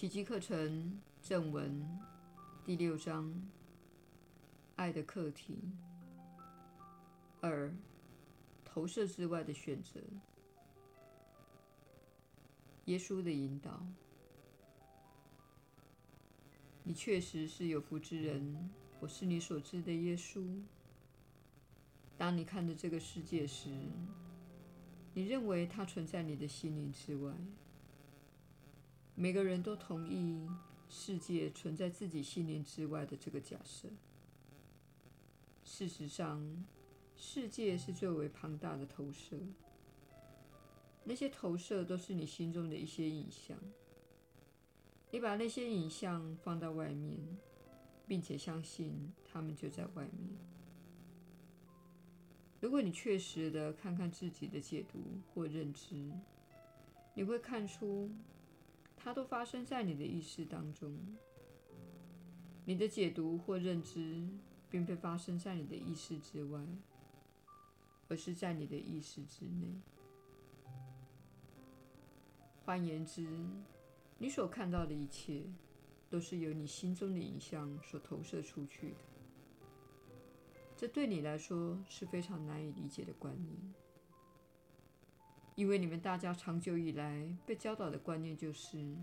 奇蹟課程正文第六章：愛的課題二，投射之外的選擇。耶穌的引導，你確實是有福之人。我是你所知的耶穌。當你看着這個世界時，你認為它存在你的心靈之外。每個人都同意世界存在自己心靈之外的這個假設。事實上，世界是最為龐大的投射。那些投射都是你心中的一些影像。你把那些影像放到外面，並且相信它們就在外面。如果你確實的看看自己的解讀或認知，你會看出，它都發生在你的意識當中，你的解讀或認知，並非發生在你的意識之外，而是在你的意識之內。換言之，你所看到的一切，都是由你心中的影像所投射出去的。這對你來說是非常難以理解的觀念。因為你們大家長久以來被教導的觀念就是，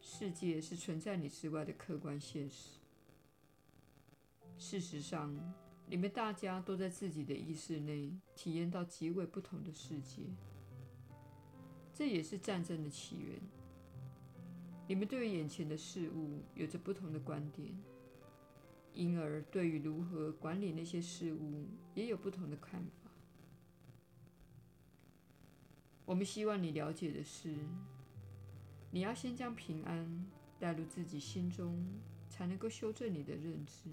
世界是存在你之外的客觀現實。事實上，你們大家都在自己的意識內體驗到極為不同的世界。這也是戰爭的起源。你們對於眼前的事物有着不同的觀點，因而對於如何管理那些事物也有不同的看法。我們希望你了解的是，你要先將平安帶入自己心中，才能夠修正你的認知。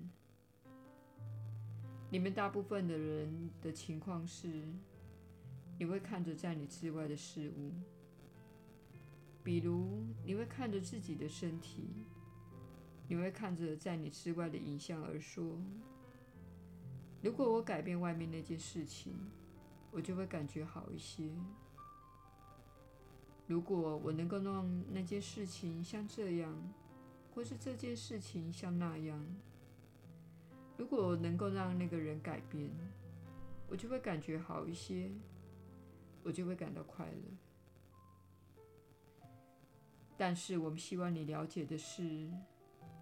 你們大部分的人的情況是，你會看着在你之外的事物，比如你會看着自己的身體，你會看着在你之外的影像而說：“如果我改變外面那件事情，我就會感覺好一些。”如果我能夠讓那件事情像這樣，或是這件事情像那樣，如果我能夠讓那個人改變，我就會感覺好一些，我就會感到快樂。但是我們希望你了解的是，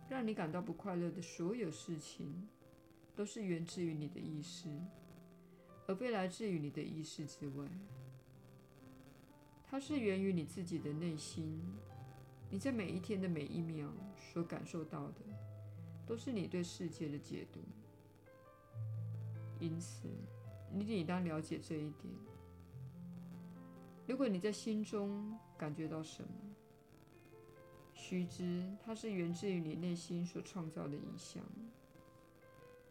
讓你感到不快樂的所有事情，都是源自於你的意識，而非來自於你的意識之外。它是源於你自己的內心，你在每一天的每一秒所感受到的，都是你對世界的解讀。因此，你理當了解這一點。如果你在心中感覺到什麼，須知它是源自於你內心所創造的影像。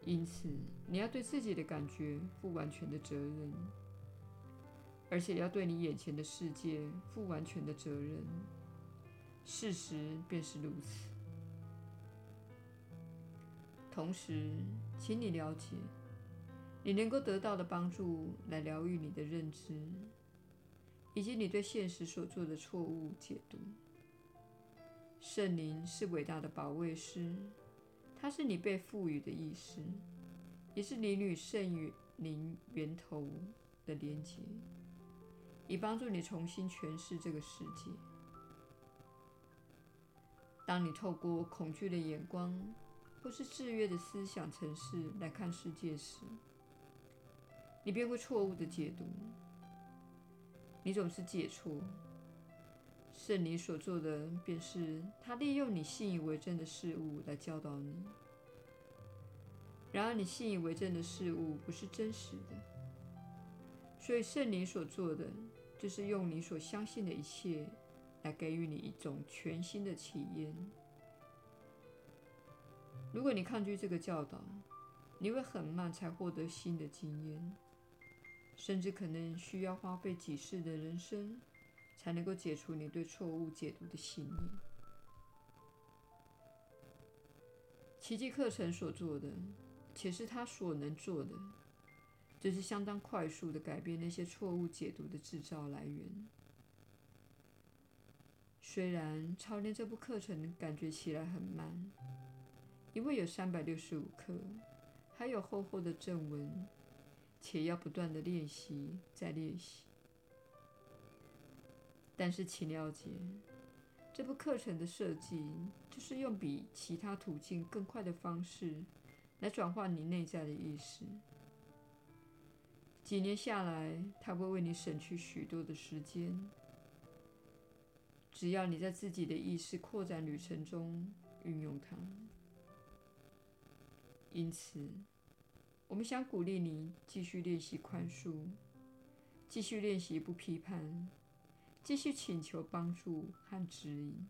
因此，你要對自己的感覺負完全的責任。而且要對你眼前的世界負完全的責任，事實便是如此。同時，請你了解，你能夠得到的幫助來療癒你的認知，以及你對現實所做的錯誤解讀。聖靈是偉大的保惠師，它是你被賦予的意識，也是你與神聖源頭的連結。以幫助你重新詮釋這個世界。當你透過恐懼的眼光或是制約的思想程式來看世界時，你便會錯誤地解讀。你總是解錯。聖靈所做的，便是他利用你信以為真的事物來教導你。然而，你信以為真的事物不是真實的。所以，聖靈所做的就是用你所相信的一切，來給予你一種全新的體驗。如果你抗拒這個教導，你會很慢才獲得新的經驗，甚至可能需要花費幾世的人生，才能夠解除你對錯誤解讀的信念。奇蹟課程所做的，且是它所能做的。就是相當快速地改變那些錯誤解讀的製造來源。雖然操練這部課程感覺起來很慢，因為有三百六十五課，還有厚厚的正文，且要不斷地練習再練習。但是請了解，這部課程的設計就是用比其他途徑更快的方式來轉化你內在的意識。幾年下來，它會為你省去許多的時間。只要你在自己的意識擴展旅程中運用它，因此，我們想鼓勵你繼續練習寬恕，繼續練習不批判，繼續請求幫助和指引。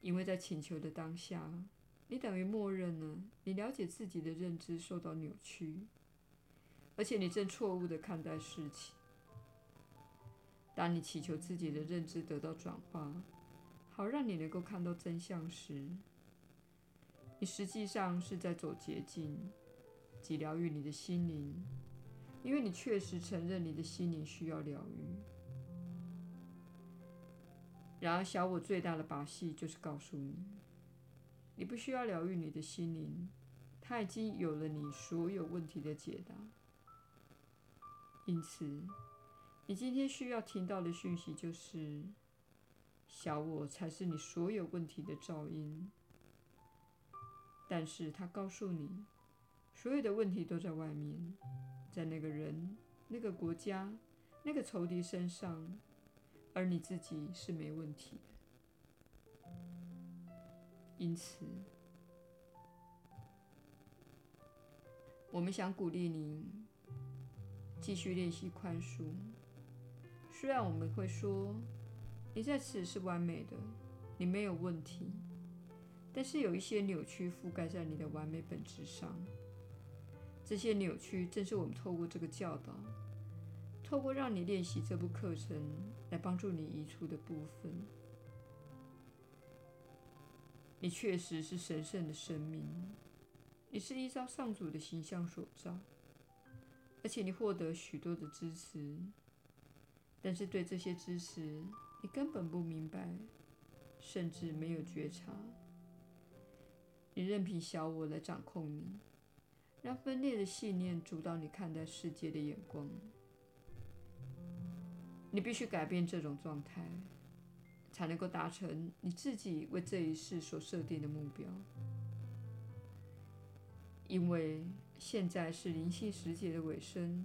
因為在請求的當下，你等於默認了你了解自己的認知受到扭曲。而且你正錯誤地看待事情。當你祈求自己的認知得到轉化，好讓你能夠看到真相時，你實際上是在走捷徑，即療癒你的心靈，因為你確實承認你的心靈需要療癒。然而，小我最大的把戲就是告訴你，你不需要療癒你的心靈，它已經有了你所有問題的解答。因此，你今天需要聽到的訊息就是，小我才是你所有問題的肇因。但是，他告訴你，所有的問題都在外面，在那個人、那個國家、那個仇敵身上，而你自己是沒問題的。因此，我們想鼓勵你。繼續練習寬恕。雖然我們會說你在此是完美的，你沒有問題，但是有一些扭曲覆蓋在你的完美本質上。這些扭曲正是我們透過這個教導，透過讓你練習這部課程來幫助你移除的部分。你確實是神聖的生命，你是依照上主的形象所造。而且你獲得許多的支持，但是對這些支持，你根本不明白，甚至沒有覺察。你任憑小我來掌控你，讓分裂的信念主導你看待世界的眼光。你必須改變這種狀態，才能夠達成你自己為這一世所設定的目標。因為。現在是靈性時節的尾聲，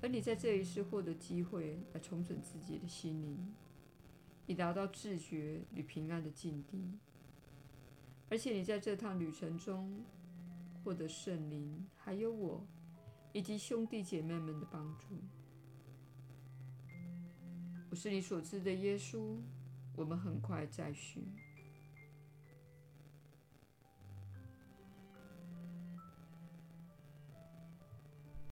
而你在這一世獲得機會來重整自己的心靈，以達到自覺與平安的境地。而且你在這趟旅程中獲得聖靈，還有我以及兄弟姐妹們的幫助。我是你所知的耶穌。我們很快再敘。